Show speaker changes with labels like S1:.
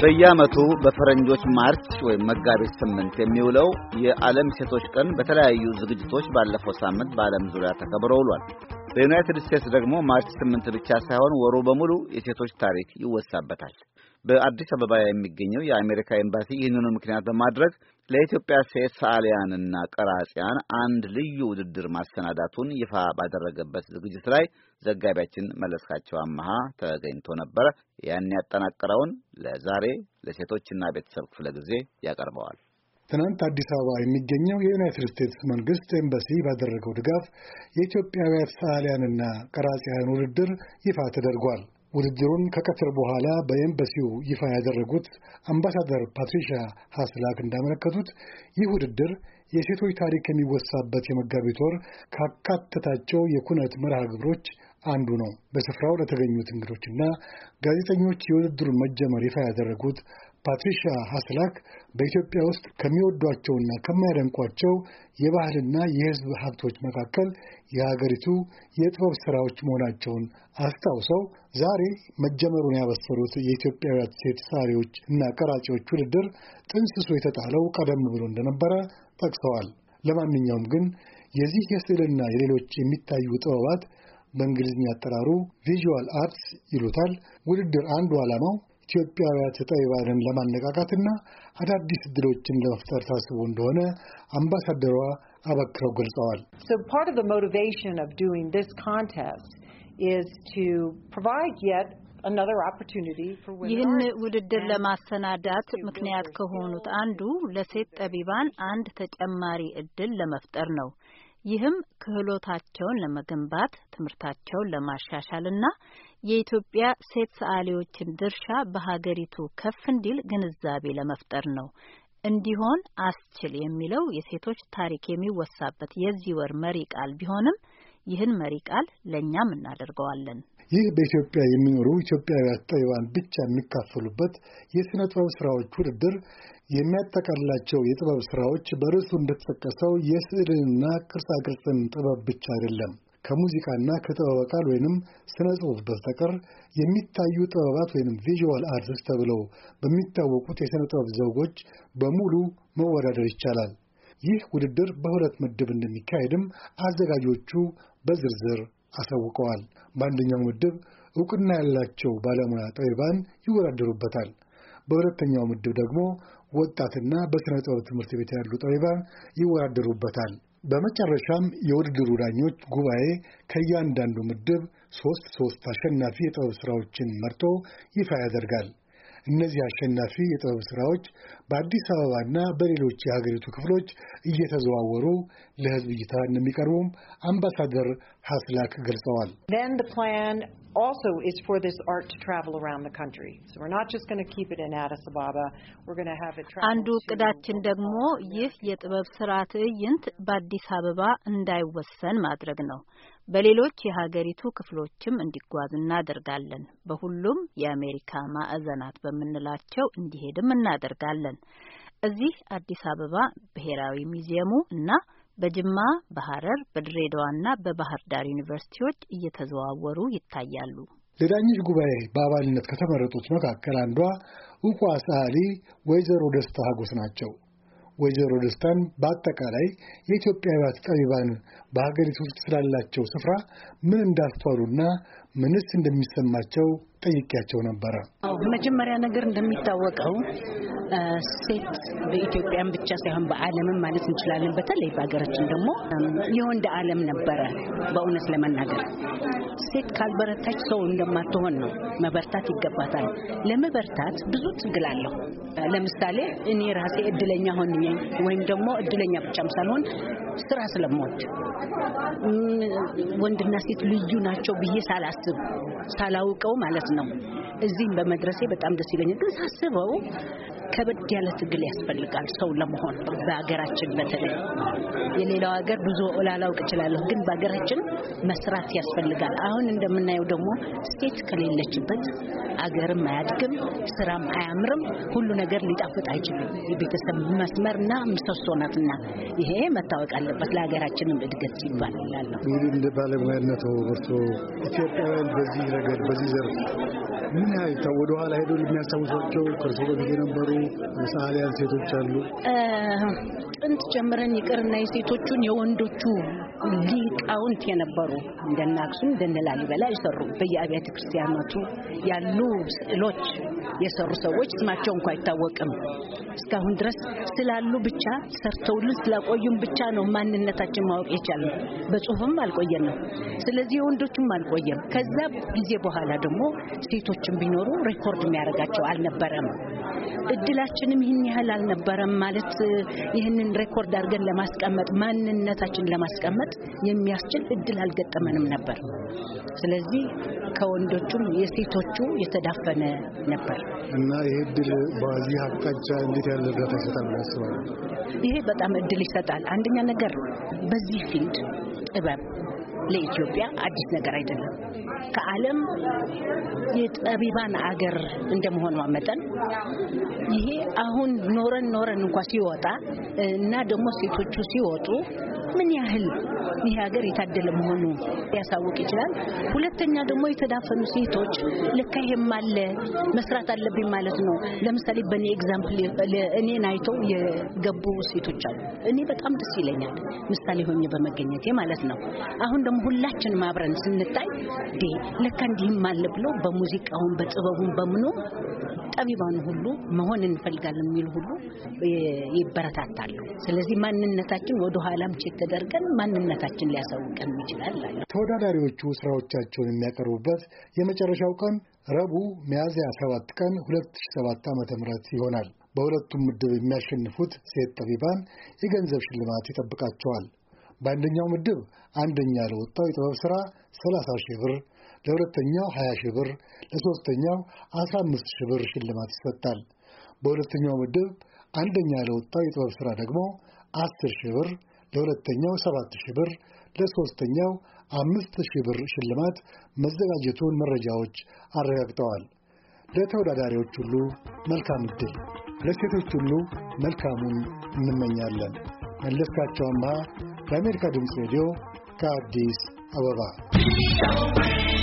S1: በየዓመቱ በፈረንጆች ማርች ወይም መጋቢት ስምንት የሚውለው የዓለም ሴቶች ቀን በተለያዩ ዝግጅቶች ባለፈው ሳምንት በዓለም ዙሪያ ተከብሮ ውሏል። በዩናይትድ ስቴትስ ደግሞ ማርች ስምንት ብቻ ሳይሆን ወሩ በሙሉ የሴቶች ታሪክ ይወሳበታል። በአዲስ አበባ የሚገኘው የአሜሪካ ኤምባሲ ይህንኑ ምክንያት በማድረግ ለኢትዮጵያ ሴት ሰዓሊያንና ቀራጺያን አንድ ልዩ ውድድር ማሰናዳቱን ይፋ ባደረገበት ዝግጅት ላይ ዘጋቢያችን መለስካቸው አመሃ ተገኝቶ ነበረ። ያን ያጠናቀረውን ለዛሬ ለሴቶችና ቤተሰብ ክፍለ ጊዜ ያቀርበዋል።
S2: ትናንት አዲስ አበባ የሚገኘው የዩናይትድ ስቴትስ መንግስት ኤምባሲ ባደረገው ድጋፍ የኢትዮጵያውያን ሰዓሊያንና ቀራጺያን ውድድር ይፋ ተደርጓል። ውድድሩን ከቀትር በኋላ በኤምባሲው ይፋ ያደረጉት አምባሳደር ፓትሪሻ ሀስላክ እንዳመለከቱት ይህ ውድድር የሴቶች ታሪክ የሚወሳበት የመጋቢት ወር ካካተታቸው የኩነት መርሃ ግብሮች አንዱ ነው። በስፍራው ለተገኙት እንግዶችና ጋዜጠኞች የውድድሩን መጀመር ይፋ ያደረጉት ፓትሪሻ ሀስላክ በኢትዮጵያ ውስጥ ከሚወዷቸውና ከሚያደንቋቸው የባህልና የሕዝብ ሀብቶች መካከል የሀገሪቱ የጥበብ ሥራዎች መሆናቸውን አስታውሰው ዛሬ መጀመሩን ያበሰሩት የኢትዮጵያውያት ሴት ሳሪዎች እና ቀራጺዎች ውድድር ጥንስሱ የተጣለው ቀደም ብሎ እንደነበረ ጠቅሰዋል። ለማንኛውም ግን የዚህ የስዕልና የሌሎች የሚታዩ ጥበባት በእንግሊዝኛ አጠራሩ ቪዥዋል አርትስ ይሉታል። ውድድር አንዱ ዓላማው ኢትዮጵያውያን ጠቢባንን ለማነቃቃትና አዳዲስ እድሎችን ለመፍጠር ታስቦ እንደሆነ አምባሳደሯ አበክረው ገልጸዋል።
S1: ይህን ውድድር ለማሰናዳት ምክንያት ከሆኑት አንዱ ለሴት ጠቢባን አንድ ተጨማሪ እድል ለመፍጠር ነው። ይህም ክህሎታቸውን ለመገንባት ትምህርታቸውን ለማሻሻል ና የኢትዮጵያ ሴት ሰዓሊዎችን ድርሻ በሀገሪቱ ከፍ እንዲል ግንዛቤ ለመፍጠር ነው። እንዲሆን አስችል የሚለው የሴቶች ታሪክ የሚወሳበት የዚህ ወር መሪ ቃል ቢሆንም ይህን መሪ ቃል ለእኛም እናደርገዋለን።
S2: ይህ በኢትዮጵያ የሚኖሩ ኢትዮጵያውያን ጠይዋን ብቻ የሚካፈሉበት የሥነ ጥበብ ሥራዎች ውድድር የሚያጠቃልላቸው የጥበብ ሥራዎች በርዕሱ እንደተጠቀሰው የስዕልንና ቅርጻቅርጽን ጥበብ ብቻ አይደለም። ከሙዚቃና ከጥበብ ቃል ወይንም ስነ ጽሑፍ በስተቀር የሚታዩ ጥበባት ወይንም ቪዥዋል አርትስ ተብለው በሚታወቁት የሥነ ጥበብ ዘውጎች በሙሉ መወዳደር ይቻላል። ይህ ውድድር በሁለት ምድብ እንደሚካሄድም አዘጋጆቹ በዝርዝር አሳውቀዋል። በአንደኛው ምድብ እውቅና ያላቸው ባለሙያ ጠቢባን ይወዳደሩበታል። በሁለተኛው ምድብ ደግሞ ወጣትና በሥነ ጥበብ ትምህርት ቤት ያሉ ጠቢባን ይወዳደሩበታል። በመጨረሻም የውድድሩ ዳኞች ጉባኤ ከእያንዳንዱ ምድብ ሶስት ሶስት አሸናፊ የጥበብ ስራዎችን መርጦ ይፋ ያደርጋል። እነዚህ አሸናፊ የጥበብ ስራዎች በአዲስ አበባና በሌሎች የሀገሪቱ ክፍሎች እየተዘዋወሩ ለህዝብ እይታ እንደሚቀርቡም አምባሳደር ሀስላክ ገልጸዋል።
S1: also is for this art to travel around the country. So we're not just going to keep it in
S2: Addis Ababa. We're going to have it travel አንዱ እቅዳችን
S1: ደግሞ ይህ የጥበብ ስራ ትዕይንት በአዲስ አበባ እንዳይወሰን ማድረግ ነው። በሌሎች የሀገሪቱ ክፍሎችም እንዲጓዝ እናደርጋለን። በሁሉም የአሜሪካ ማዕዘናት በምንላቸው እንዲሄድም እናደርጋለን። እዚህ አዲስ አበባ ብሔራዊ ሙዚየሙ እና በጅማ በሐረር በድሬዳዋና በባህር ዳር ዩኒቨርሲቲዎች እየተዘዋወሩ ይታያሉ።
S2: ለዳኞች ጉባኤ በአባልነት ከተመረጡት መካከል አንዷ ዕውቋ ሰዓሊ ወይዘሮ ደስታ ሀጎስ ናቸው። ወይዘሮ ደስታን በአጠቃላይ የኢትዮጵያውያን ጠቢባን በሀገሪቱ ውስጥ ስላላቸው ስፍራ ምን እንዳስተዋሉና ምንስ እንደሚሰማቸው ጠይቄያቸው ነበረ።
S1: መጀመሪያ ነገር እንደሚታወቀው ሴት በኢትዮጵያን ብቻ ሳይሆን በዓለምም ማለት እንችላለን። በተለይ በሀገራችን ደግሞ የወንድ ዓለም ነበረ። በእውነት ለመናገር ሴት ካልበረታች ሰው እንደማትሆን ነው። መበርታት ይገባታል። ለመበርታት ብዙ ትግል አለው። ለምሳሌ እኔ ራሴ እድለኛ ሆኜ ወይም ደግሞ እድለኛ ብቻም ሳልሆን ስራ ስለምወድ ወንድና ሴት ልዩ ናቸው ብዬ ሳላስብ ሳላውቀው ማለት ነው እዚህም በመድረሴ በጣም ደስ ይለኛል። ግን ሳስበው ከበድ ያለ ትግል ያስፈልጋል ሰው ለመሆን በሀገራችን በተለይ የሌላው ሀገር ብዙ ላላውቅ እችላለሁ፣ ግን በሀገራችን መስራት ያስፈልጋል። አሁን እንደምናየው ደግሞ ሴት ከሌለችበት አገርም አያድግም፣ ስራም አያምርም፣ ሁሉ ነገር ሊጣፍጥ አይችልም። የቤተሰብ መስመርና ምሰሶ ናትና ይሄ መታወቅ አለበት ለሀገራችንም እድገት ሲባል እላለሁ።
S2: እንግዲህ እንደ ባለሙያነት ወርቶ ኢትዮጵያውያን በዚህ ነገር በዚህ ዘርፍ ምን ያህል ወደኋላ ሄዶ የሚያስታውሷቸው ከእርስዎ በፊት የነበሩ ሰዓሊያን ሴቶች አሉ።
S1: ጥንት ጀምረን ይቅርና የሴቶቹን የወንዶቹ ሊቃውንት የነበሩ እንደነ አክሱም እንደነ ላሊበላ የሰሩ በየአብያተ ክርስቲያናቱ ያሉ ስዕሎች የሰሩ ሰዎች ስማቸው እንኳ አይታወቅም። እስካሁን ድረስ ስላሉ ብቻ ሰርተውልን ስላቆዩም ብቻ ነው ማንነታችን ማወቅ የቻልነው። በጽሁፍም አልቆየንም። ስለዚህ ወንዶቹም አልቆየም። ከዛ ጊዜ በኋላ ደግሞ ሴቶችም ቢኖሩ ሬኮርድ የሚያደርጋቸው አልነበረም። እድላችንም ይህን ያህል አልነበረም ማለት ይህንን ሬኮርድ አድርገን ለማስቀመጥ ማንነታችን ለማስቀመጥ የሚያስችል እድል አልገጠመንም ነበር። ስለዚህ ከወንዶቹም የሴቶቹ የተዳፈነ
S2: ነበር እና ይህ እድል በዚህ አቅጣጫ እንዴት ያለ እርዳታ ይሰጣል ያስባል?
S1: ይሄ በጣም እድል ይሰጣል። አንደኛ ነገር በዚህ ፊልድ ጥበብ ለኢትዮጵያ አዲስ ነገር አይደለም። ከዓለም የጠቢባን አገር እንደመሆኗ መጠን ይሄ አሁን ኖረን ኖረን እንኳ ሲወጣ እና ደግሞ ሴቶቹ ሲወጡ ምን ያህል ይሄ ሀገር የታደለ መሆኑ ሊያሳውቅ ይችላል። ሁለተኛ ደግሞ የተዳፈኑ ሴቶች ልካ ይሄም አለ መስራት አለብኝ ማለት ነው። ለምሳሌ በእኔ ኤግዛምፕል እኔን አይተው የገቡ ሴቶች አሉ። እኔ በጣም ደስ ይለኛል ምሳሌ ሆኜ በመገኘቴ ማለት ነው። አሁን ደግሞ ሁላችንም አብረን ስንታይ ዴ ለካ እንዲህም አለ ብሎ በሙዚቃውን በጥበቡን በምኖ ጠቢባን ሁሉ መሆን እንፈልጋለን የሚል ሁሉ ይበረታታሉ። ስለዚህ ማንነታችን ወደ ኋላም ቼክ ተደርገን ማንነታችን ሊያሳውቀን ይችላል።
S2: ተወዳዳሪዎቹ ስራዎቻቸውን የሚያቀርቡበት የመጨረሻው ቀን ረቡዕ ሚያዝያ 7 ቀን 2007 ዓ.ም ይሆናል። በሁለቱም ምድብ የሚያሸንፉት ሴት ጠቢባን የገንዘብ ሽልማት ይጠብቃቸዋል። በአንደኛው ምድብ አንደኛ ለወጣው የጥበብ ሥራ 30 ሺህ ብር፣ ለሁለተኛው 20 ሺህ ብር፣ ለሦስተኛው 15 ሺህ ብር ሽልማት ይሰጣል። በሁለተኛው ምድብ አንደኛ ለወጣው የጥበብ ሥራ ደግሞ 10 ሺህ ብር፣ ለሁለተኛው 7 ሺህ ብር፣ ለሦስተኛው 5 ሺህ ብር ሽልማት መዘጋጀቱን መረጃዎች አረጋግጠዋል። ለተወዳዳሪዎች ሁሉ መልካም ዕድል፣ ለሴቶች ሁሉ መልካሙን እንመኛለን። መለስካቸው አምሃ ከአሜሪካ ድምፅ ሬዲዮ ከአዲስ አበባ